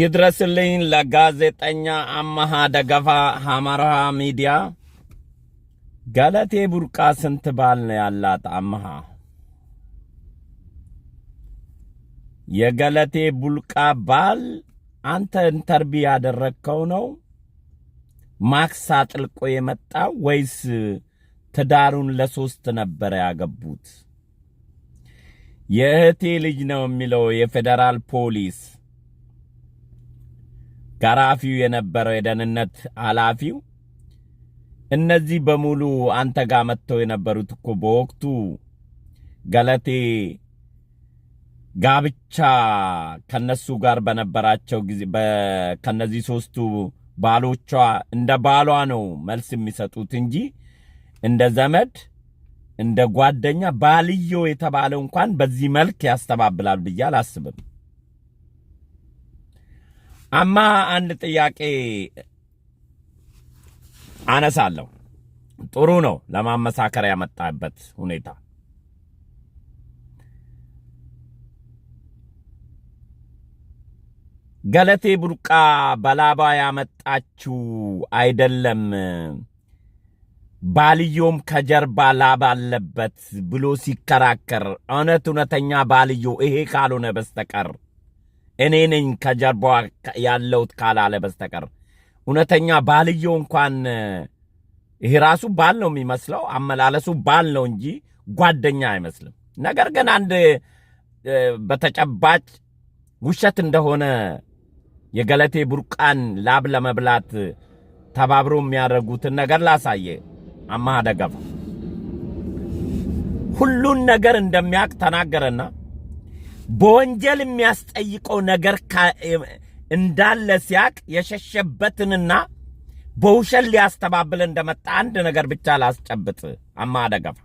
ይድረስልኝ ለጋዜጠኛ አመሃ ደገፋ ሐማርሃ ሚዲያ። ገለቴ ቡርቃ ስንት ባል ነው ያላት? አመሃ የገለቴ ቡርቃ ባል አንተ ኢንተርቪ ያደረግከው ነው ማክስ አጥልቆ የመጣ ወይስ ትዳሩን ለሶስት ነበረ ያገቡት? የእህቴ ልጅ ነው የሚለው የፌዴራል ፖሊስ ጋራፊው የነበረው የደህንነት ኃላፊው እነዚህ በሙሉ አንተ ጋር መጥተው የነበሩት እኮ በወቅቱ ገለቴ ጋብቻ ከነሱ ጋር በነበራቸው ጊዜ ከነዚህ ሶስቱ ባሎቿ እንደ ባሏ ነው መልስ የሚሰጡት እንጂ እንደ ዘመድ እንደ ጓደኛ ባልዮ የተባለው እንኳን በዚህ መልክ ያስተባብላል ብዬ አላስብም። አማ አንድ ጥያቄ አነሳለሁ። ጥሩ ነው ለማመሳከር ያመጣበት ሁኔታ ገለቴ ቡርቃ በላባ ያመጣችው አይደለም፣ ባልዮም ከጀርባ ላባ አለበት ብሎ ሲከራከር እውነት እውነተኛ ባልዮ ይሄ ካልሆነ በስተቀር እኔ ነኝ ከጀርባ ያለሁት ካላለ በስተቀር እውነተኛ ባልየው እንኳን ይሄ ራሱ ባል ነው የሚመስለው፣ አመላለሱ ባል ነው እንጂ ጓደኛ አይመስልም። ነገር ግን አንድ በተጨባጭ ውሸት እንደሆነ የገለቴ ቡርቃን ላብ ለመብላት ተባብሮ የሚያደርጉትን ነገር ላሳየ አማሃ ደገፋ ሁሉን ነገር እንደሚያውቅ ተናገረና በወንጀል የሚያስጠይቀው ነገር እንዳለ ሲያቅ የሸሸበትንና በውሸት ሊያስተባብል እንደመጣ አንድ ነገር ብቻ ላስጨብጥ። አማደገፋ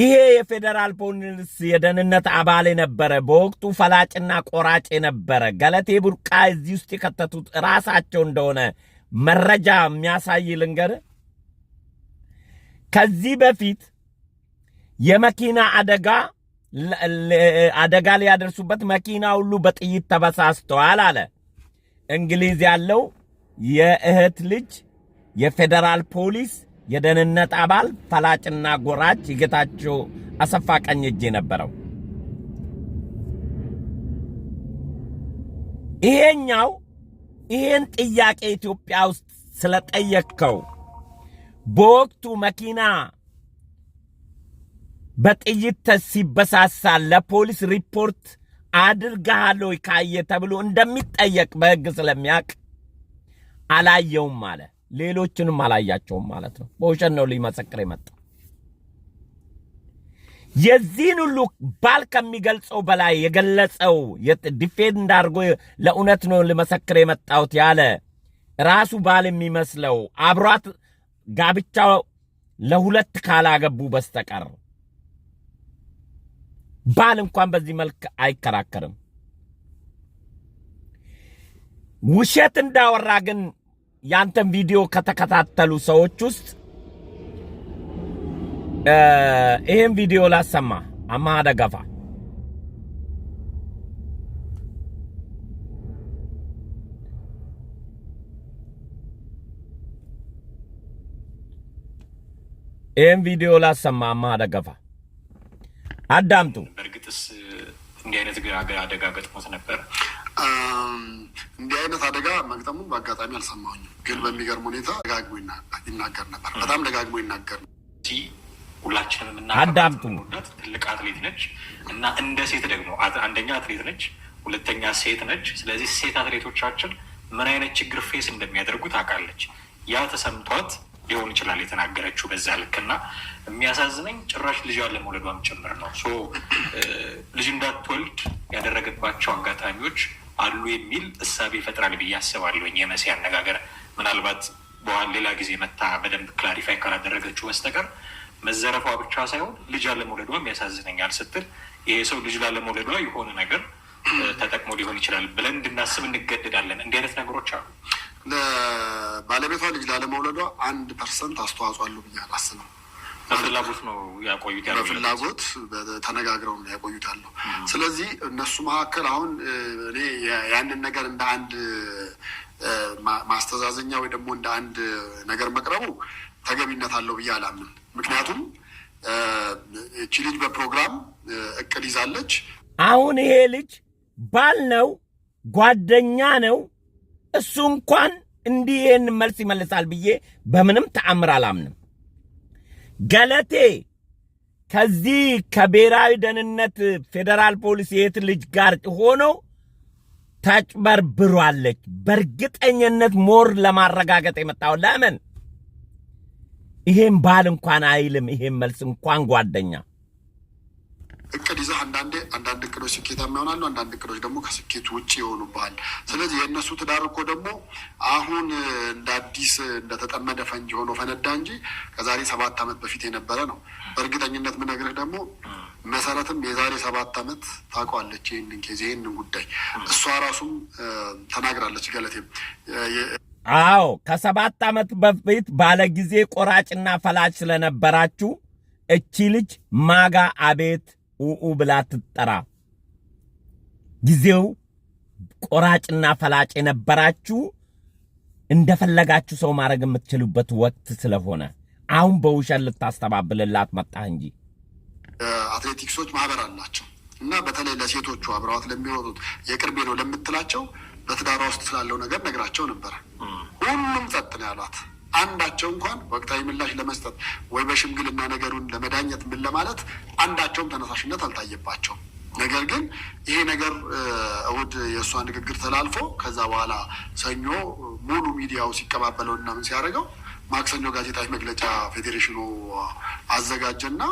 ይሄ የፌዴራል ፖሊስ የደህንነት አባል የነበረ በወቅቱ ፈላጭና ቆራጭ የነበረ ገለቴ ቡርቃ እዚህ ውስጥ የከተቱት ራሳቸው እንደሆነ መረጃ የሚያሳይ ልንገር ከዚህ በፊት የመኪና አደጋ አደጋ ሊያደርሱበት መኪና ሁሉ በጥይት ተበሳስተዋል አለ። እንግሊዝ ያለው የእህት ልጅ የፌዴራል ፖሊስ የደህንነት አባል ፈላጭና ጎራጭ የጌታቸው አሰፋ ቀኝ እጅ የነበረው ይሄኛው ይሄን ጥያቄ ኢትዮጵያ ውስጥ ስለጠየቅከው በወቅቱ መኪና በጥይት ሲበሳሳ ለፖሊስ ሪፖርት አድርገሃል ወይ ካየ ተብሎ እንደሚጠየቅ በህግ ስለሚያውቅ አላየውም አለ። ሌሎችንም አላያቸውም ማለት ነው። በውሸት ነው ሊመሰክር የመጣ የዚህን ሁሉ ባል ከሚገልጸው በላይ የገለጸው ዲፌንድ እንዳድርጎ ለእውነት ነው ልመሰክር የመጣሁት ያለ ራሱ ባል የሚመስለው አብሯት ጋብቻው ለሁለት ካላገቡ በስተቀር ባል እንኳን በዚህ መልክ አይከራከርም። ውሸት እንዳወራ ግን ያንተን ቪዲዮ ከተከታተሉ ሰዎች ውስጥ ይህን ቪዲዮ ላሰማ አማሃ ደገፋ ይህን ቪዲዮ ላሰማ አማሃ ደገፋ አዳምጡ። እናንተስ እንዲህ አይነት አደጋ ገጥሞት ነበር? እንዲህ አይነት አደጋ መግጠሙን በአጋጣሚ አልሰማሁኝም፣ ግን በሚገርም ሁኔታ ደጋግሞ ይናገር ነበር። በጣም ደጋግሞ ይናገር ነበር። ሁላችንም እናዳምጡነት ትልቅ አትሌት ነች እና እንደ ሴት ደግሞ አንደኛ አትሌት ነች፣ ሁለተኛ ሴት ነች። ስለዚህ ሴት አትሌቶቻችን ምን አይነት ችግር ፌስ እንደሚያደርጉት ታውቃለች ያ ተሰምቷት ሊሆን ይችላል የተናገረችው በዛ ልክ እና የሚያሳዝነኝ ጭራሽ ልጇ ለመውለዷም ጭምር ነው። ልጅ እንዳትወልድ ያደረገባቸው አጋጣሚዎች አሉ የሚል እሳቤ ይፈጥራል ብዬ አስባለሁኝ። የመሲ አነጋገር ምናልባት በኋላ ሌላ ጊዜ መታ በደንብ ክላሪፋይ ካላደረገችው በስተቀር መዘረፏ ብቻ ሳይሆን ልጅ አለመውለዷም ያሳዝነኛል ስትል ይሄ ሰው ልጅ ላለመውለዷ የሆነ ነገር ተጠቅሞ ሊሆን ይችላል ብለን እንድናስብ እንገደዳለን። እንዲህ አይነት ነገሮች አሉ። ለባለቤቷ ልጅ ላለመውለዷ አንድ ፐርሰንት አስተዋጽኦ አለው ብዬ አላስብም። በፍላጎት ነው ያቆዩት ያለው በፍላጎት ተነጋግረው ነው ያቆዩት ያለው። ስለዚህ እነሱ መካከል አሁን እኔ ያንን ነገር እንደ አንድ ማስተዛዘኛ ወይ ደግሞ እንደ አንድ ነገር መቅረቡ ተገቢነት አለው ብዬ አላምን። ምክንያቱም እቺ ልጅ በፕሮግራም እቅድ ይዛለች። አሁን ይሄ ልጅ ባል ነው፣ ጓደኛ ነው እሱ እንኳን እንዲህ ይህን መልስ ይመልሳል ብዬ በምንም ተአምር አላምንም። ገለቴ ከዚህ ከብሔራዊ ደህንነት ፌዴራል ፖሊስ የት ልጅ ጋር ሆኖ ተጭበርብሯለች። በእርግጠኝነት ሞር ለማረጋገጥ የመጣው ለምን ይሄም ባል እንኳን አይልም። ይሄም መልስ እንኳን ጓደኛ እቅዶች ስኬታማ ይሆናሉ፣ አንዳንድ እቅዶች ደግሞ ከስኬት ውጭ ይሆኑብሃል። ስለዚህ የእነሱ ትዳር እኮ ደግሞ አሁን እንደ አዲስ እንደተጠመደ ፈንጂ ሆኖ ፈነዳ እንጂ ከዛሬ ሰባት ዓመት በፊት የነበረ ነው። በእርግጠኝነት ምነግርህ ደግሞ መሰረትም የዛሬ ሰባት ዓመት ታውቀዋለች ይህንን ኬዝ ይህንን ጉዳይ እሷ ራሱም ተናግራለች። ገለቴም አዎ ከሰባት ዓመት በፊት ባለጊዜ ቆራጭና ፈላጭ ስለነበራችሁ እቺ ልጅ ማጋ አቤት ውኡ ብላ ትጠራ ጊዜው ቆራጭና ፈላጭ የነበራችሁ እንደፈለጋችሁ ሰው ማድረግ የምትችሉበት ወቅት ስለሆነ አሁን በውሸት ልታስተባብልላት መጣህ እንጂ አትሌቲክሶች ማህበር አላቸው እና በተለይ ለሴቶቹ አብረዋት ለሚወጡት የቅርቤ ነው ለምትላቸው በትዳሯ ውስጥ ስላለው ነገር ነግራቸው ነበረ። ሁሉም ጸጥ ነው ያሏት። አንዳቸው እንኳን ወቅታዊ ምላሽ ለመስጠት ወይ በሽምግልና ነገሩን ለመዳኘት ምን ለማለት አንዳቸውም ተነሳሽነት አልታየባቸውም። ነገር ግን ይሄ ነገር እሁድ የእሷ ንግግር ተላልፎ ከዛ በኋላ ሰኞ ሙሉ ሚዲያው ሲቀባበለው እና ምን ሲያደርገው ማክሰኞ ጋዜጣዊ መግለጫ ፌዴሬሽኑ አዘጋጀና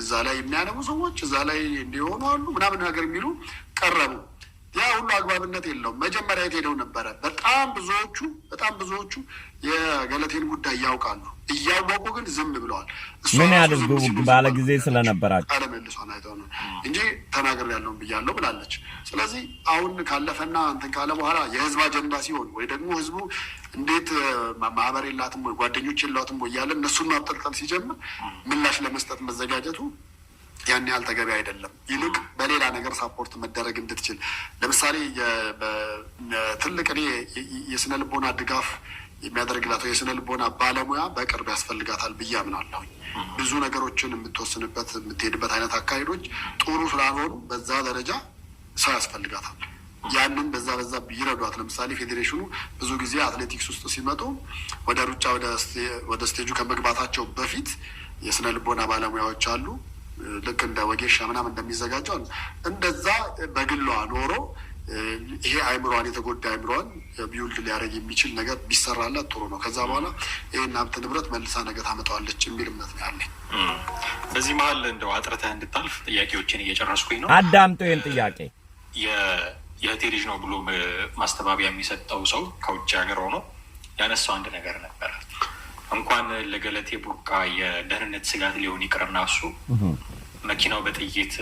እዛ ላይ የሚያነቡ ሰዎች እዛ ላይ እንዲሆኑ አሉ ምናምን ነገር የሚሉ ቀረቡ። ያ ሁሉ አግባብነት የለውም። መጀመሪያ የት ሄደው ነበረ? በጣም ብዙዎቹ በጣም ብዙዎቹ የገለቴን ጉዳይ እያውቃሉ፣ እያወቁ ግን ዝም ብለዋል። ምን ያድርጉ ባለ ጊዜ ስለነበራቸው አለመልሷን አይተው ነው እንጂ ተናገር ያለውን ብያለሁ ብላለች። ስለዚህ አሁን ካለፈና እንትን ካለ በኋላ የህዝብ አጀንዳ ሲሆን ወይ ደግሞ ህዝቡ እንዴት ማህበር የላትም ወይ ጓደኞች የላትም ወይ እያለ እነሱን ማብጠልጠል ሲጀምር ምላሽ ለመስጠት መዘጋጀቱ ያን ያህል ተገቢ አይደለም። ይልቅ በሌላ ነገር ሳፖርት መደረግ እንድትችል ለምሳሌ ትልቅ እኔ የስነ ልቦና ድጋፍ የሚያደርግላት የስነ ልቦና ባለሙያ በቅርብ ያስፈልጋታል ብዬ አምናለሁኝ። ብዙ ነገሮችን የምትወስንበት የምትሄድበት አይነት አካሄዶች ጥሩ ስላልሆኑ በዛ ደረጃ ሰው ያስፈልጋታል። ያንን በዛ በዛ ይረዷት። ለምሳሌ ፌዴሬሽኑ ብዙ ጊዜ አትሌቲክስ ውስጥ ሲመጡ ወደ ሩጫ ወደ ስቴጁ ከመግባታቸው በፊት የስነ ልቦና ባለሙያዎች አሉ። ልክ እንደ ወጌሻ ምናምን እንደሚዘጋጀው እንደዛ በግሏ ኖሮ ይሄ አይምሯን የተጎዳ አይምሯን ቢውልድ ሊያደረግ የሚችል ነገር ቢሰራላት ጥሩ ነው። ከዛ በኋላ ይህን ሀብት ንብረት መልሳ ነገር ታመጣዋለች የሚል እምነት ነው ያለኝ። በዚህ መሀል እንደው አጥርተህ እንድታልፍ ጥያቄዎችን እየጨረስኩኝ ነው። አዳምጦ ይህን ጥያቄ የእህቴ ልጅ ነው ብሎ ማስተባበያ የሚሰጠው ሰው ከውጭ ሀገር ሆኖ ያነሳው አንድ ነገር ነበር እንኳን ለገለቴ ቡርቃ የደህንነት ስጋት ሊሆን ይቅርና እሱ መኪናው በጥይት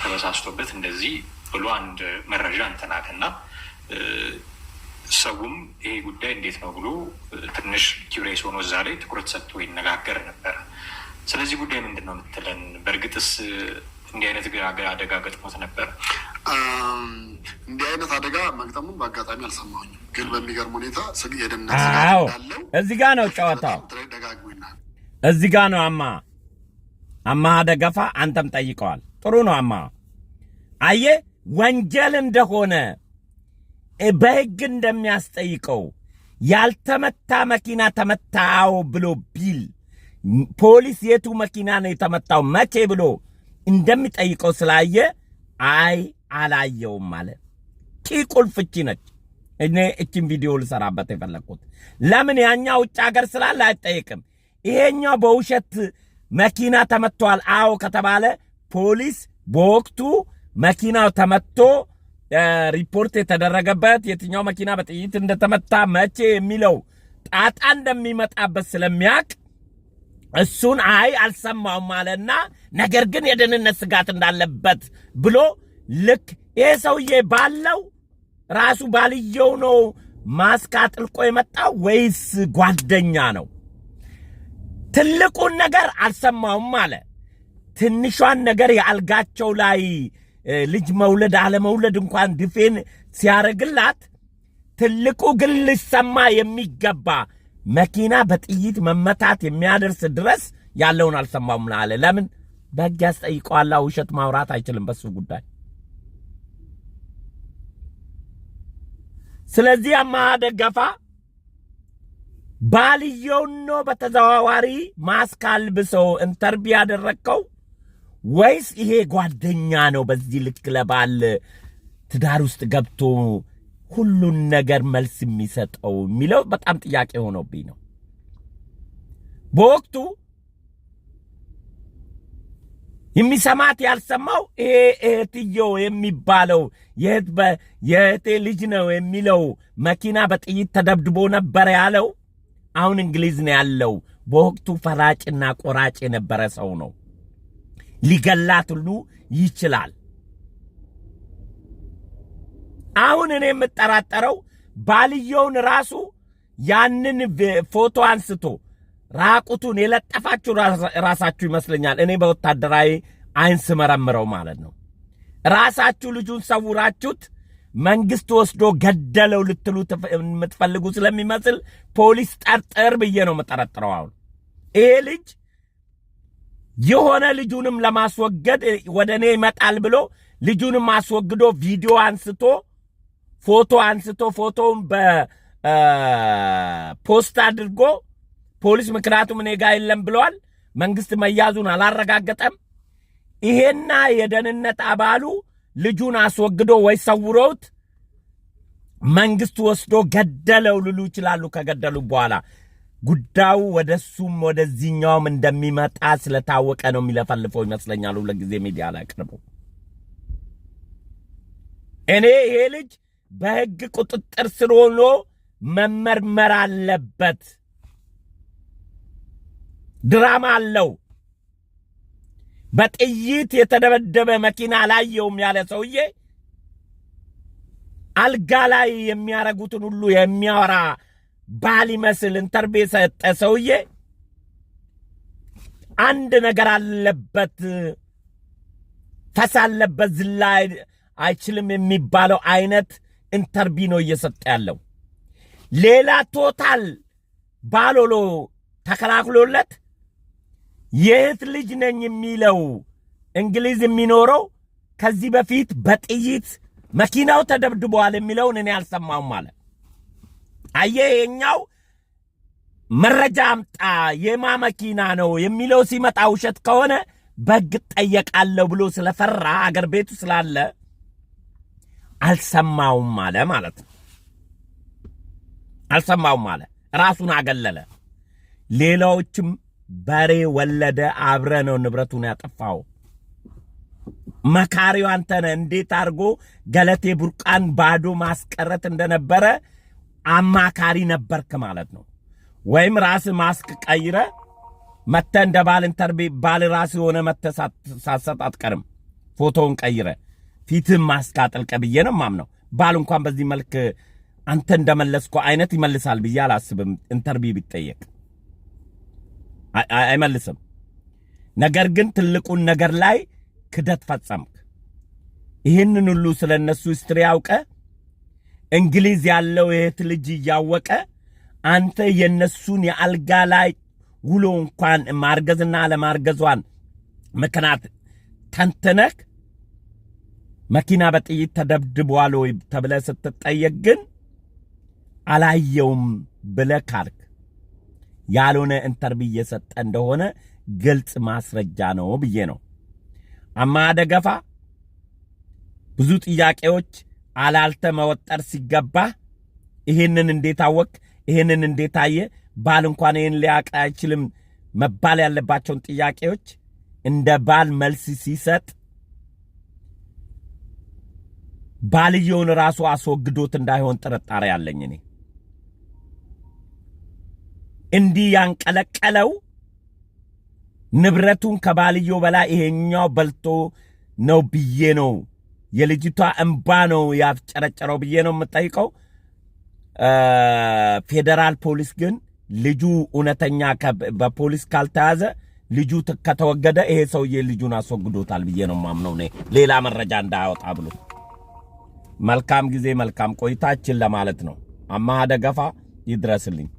ተበሳስቶበት እንደዚህ ብሎ አንድ መረጃ እንትናል ሰውም ይሄ ጉዳይ እንዴት ነው ብሎ ትንሽ ኪብሬስ ሆኖ እዛ ላይ ትኩረት ሰጥቶ ይነጋገር ነበረ። ስለዚህ ጉዳይ ምንድን ነው የምትለን? በእርግጥስ እንዲህ አይነት አደጋ ገጥሞት ነበር? እንዲህ አይነት አደጋ መግጠሙን በአጋጣሚ አልሰማሁኝም፣ ግን በሚገርም ሁኔታ ስግ የደህንነት ስጋት እዚህ ጋ ነው ጨዋታው። እዚህ ጋ ነው አማ አማ ደገፋ አንተም ጠይቀዋል። ጥሩ ነው አማ አየ ወንጀል እንደሆነ በህግ እንደሚያስጠይቀው ያልተመታ መኪና ተመታው ብሎ ቢል ፖሊስ የቱ መኪና ነው የተመታው መቼ ብሎ እንደሚጠይቀው ስላየ አይ አላየውም አለ። ቺ ቁልፍቺ ነች። እኔ እቺን ቪዲዮ ልሰራበት የፈለግኩት ለምን ያኛ ውጭ ሀገር ስላለ አይጠይቅም። ይሄኛው በውሸት መኪና ተመቷል። አዎ ከተባለ ፖሊስ በወቅቱ መኪናው ተመቶ ሪፖርት የተደረገበት የትኛው መኪና በጥይት እንደተመታ መቼ የሚለው ጣጣ እንደሚመጣበት ስለሚያቅ እሱን አይ አልሰማውም አለና ነገር ግን የደህንነት ስጋት እንዳለበት ብሎ ልክ ይሄ ሰውዬ ባለው ራሱ ባልየው ነው ማስካ ጥልቆ የመጣው ወይስ ጓደኛ ነው? ትልቁን ነገር አልሰማውም አለ። ትንሿን ነገር የአልጋቸው ላይ ልጅ መውለድ አለመውለድ እንኳን ድፌን ሲያደርግላት፣ ትልቁ ግን ሊሰማ የሚገባ መኪና በጥይት መመታት የሚያደርስ ድረስ ያለውን አልሰማውም አለ። ለምን? በሕግ ያስጠይቀዋላ። ውሸት ማውራት አይችልም በሱ ጉዳይ ስለዚህ አማሃ ደገፋ ባልየውን ነው በተዘዋዋሪ ማስክ አልብሰው እንተርቢ ያደረግከው ወይስ ይሄ ጓደኛ ነው? በዚህ ልክ ለባል ትዳር ውስጥ ገብቶ ሁሉን ነገር መልስ የሚሰጠው የሚለው በጣም ጥያቄ ሆኖብኝ ነው በወቅቱ የሚሰማት ያልሰማው ይሄ እህትየው የሚባለው የእህቴ ልጅ ነው የሚለው መኪና በጥይት ተደብድቦ ነበረ ያለው አሁን እንግሊዝ ነው ያለው። በወቅቱ ፈራጭና ቆራጭ የነበረ ሰው ነው። ሊገላት ሁሉ ይችላል። አሁን እኔ የምጠራጠረው ባልየውን ራሱ ያንን ፎቶ አንስቶ ራቁቱን የለጠፋችሁ ራሳችሁ ይመስለኛል። እኔ በወታደራዊ አይን ስመረምረው ማለት ነው። ራሳችሁ ልጁን ሰውራችሁት መንግስት ወስዶ ገደለው ልትሉ የምትፈልጉ ስለሚመስል ፖሊስ ጠርጥር ብዬ ነው የምጠረጥረው። አሁን ይሄ ልጅ የሆነ ልጁንም ለማስወገድ ወደ እኔ ይመጣል ብሎ ልጁንም አስወግዶ ቪዲዮ አንስቶ ፎቶ አንስቶ ፎቶውን በፖስት አድርጎ ፖሊስ ምክንያቱም እኔ ጋ የለም ብለዋል። መንግስት መያዙን አላረጋገጠም። ይሄና የደህንነት አባሉ ልጁን አስወግዶ ወይ ሰውረውት መንግስት ወስዶ ገደለው ልሉ ይችላሉ። ከገደሉ በኋላ ጉዳዩ ወደሱም ወደዚህኛውም እንደሚመጣ ስለታወቀ ነው የሚለፈልፈው ይመስለኛል። ሁልጊዜ ሚዲያ ላይ ቅርቡ እኔ ይሄ ልጅ በህግ ቁጥጥር ስር ሆኖ መመርመር አለበት። ድራማ አለው። በጥይት የተደበደበ መኪና አላየውም ያለ ሰውዬ አልጋ ላይ የሚያረጉትን ሁሉ የሚያወራ ባል ይመስል ኢንተርቪ የሰጠ ሰውዬ አንድ ነገር አለበት፣ ፈስ አለበት፣ ዝላ አይችልም የሚባለው አይነት ኢንተርቪ ነው እየሰጠ ያለው። ሌላ ቶታል ባሎሎ ተከላክሎለት የት ልጅ ነኝ የሚለው እንግሊዝ የሚኖረው ከዚህ በፊት በጥይት መኪናው ተደብድበዋል የሚለውን እኔ አልሰማውም አለ። አየ የኛው መረጃ አምጣ የማ መኪና ነው የሚለው ሲመጣ ውሸት ከሆነ በግ ጠየቃለሁ ብሎ ስለፈራ አገር ቤቱ ስላለ አልሰማውም አለ ማለት ነው። አልሰማውም አለ ራሱን አገለለ። ሌላዎችም በሬ ወለደ። አብረ ነው ንብረቱን ያጠፋው። መካሪው አንተነ እንዴት አድርጎ ገለቴ ቡርቃን ባዶ ማስቀረት እንደነበረ አማካሪ ነበርክ ማለት ነው። ወይም ራስ ማስክ ቀይረ መተ እንደ ባል ኢንተርቤ ባል ራስ የሆነ መተ ሳሰጥ አትቀርም። ፎቶውን ቀይረ ፊትም ማስክ አጥልቀ ብዬ ነው ማምነው። ባል እንኳን በዚህ መልክ አንተ እንደመለስኮ አይነት ይመልሳል ብዬ አላስብም ኢንተርቪ ቢጠየቅ አይመልስም። ነገር ግን ትልቁን ነገር ላይ ክደት ፈጸምክ። ይህንን ሁሉ ስለ እነሱ ስትሪ ያውቀ እንግሊዝ ያለው የት ልጅ እያወቀ አንተ የእነሱን የአልጋ ላይ ውሎ እንኳን ማርገዝና አለማርገዟን ምክንያት ተንትነክ መኪና በጥይት ተደብድቧል ወይ ተብለ ስትጠየቅ ግን አላየውም ብለ ካልክ ያልሆነ ኢንተርቪው እየሰጠ እንደሆነ ግልጽ ማስረጃ ነው ብዬ ነው። አማሃ ብዙ ጥያቄዎች አላልተ መወጠር ሲገባ ይህንን እንዴት አወቅ፣ ይህንን እንዴት አየ፣ ባል እንኳን ይህን ሊያውቅ አይችልም መባል ያለባቸውን ጥያቄዎች እንደ ባል መልስ ሲሰጥ ባልየውን ራሱ አስወግዶት እንዳይሆን ጥርጣሬ አለኝ እኔ። እንዲህ ያንቀለቀለው ንብረቱን ከባልዮ በላይ ይሄኛው በልቶ ነው ብዬ ነው የልጅቷ እምባ ነው ያፍጨረጨረው ብዬ ነው የምጠይቀው። ፌዴራል ፖሊስ ግን ልጁ እውነተኛ በፖሊስ ካልተያዘ ልጁ ከተወገደ ይሄ ሰውዬ ልጁን አስወግዶታል ብዬ ነው ማምነው። እኔ ሌላ መረጃ እንዳያወጣ ብሎ መልካም ጊዜ መልካም ቆይታችን ለማለት ነው። አማሃ ደገፋ ይድረስልኝ።